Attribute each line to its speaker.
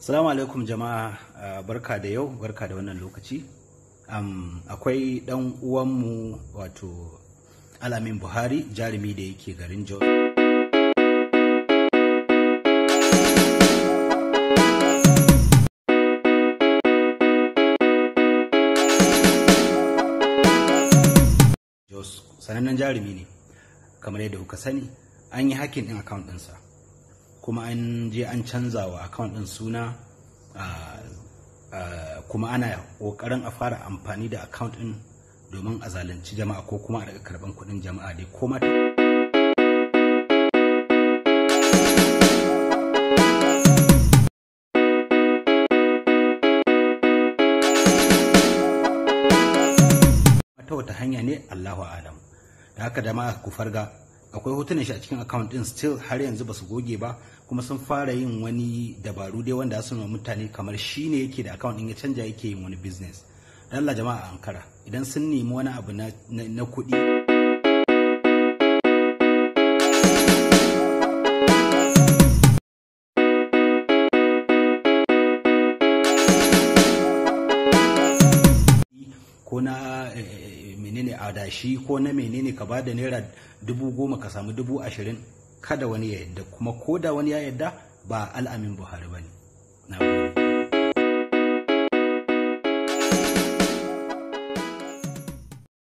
Speaker 1: Salamu alaikum jama'a uh, barka da yau barka da wannan lokaci um, akwai dan uwanmu wato alamin buhari jarumi da yake garin jos sanannen jarumi ne kamar yadda kuka sani an yi hakin din account ɗinsa kuma an je an canza wa account ɗin suna kuma ana ƙoƙarin a fara amfani da account ɗin domin a zalunci jama'a ko kuma a daga karban kuɗin jama'a dai ko ta wata hanya ne Allahu alam da haka jama'a ku farga akwai hotunan shi a cikin account din still har yanzu ba su goge ba kuma sun fara yin wani dabaru dai wanda su mutane kamar shi ne yake da account din ya canja yake yin wani business Allah jama'a ankara idan sun nemi wani abu na kuɗi ko na eh, menene adashi ko na menene ka da naira dubu goma ka samu dubu ashirin kada wani ya yadda kuma ko da wani ya yadda ba al'amin buhari ba ne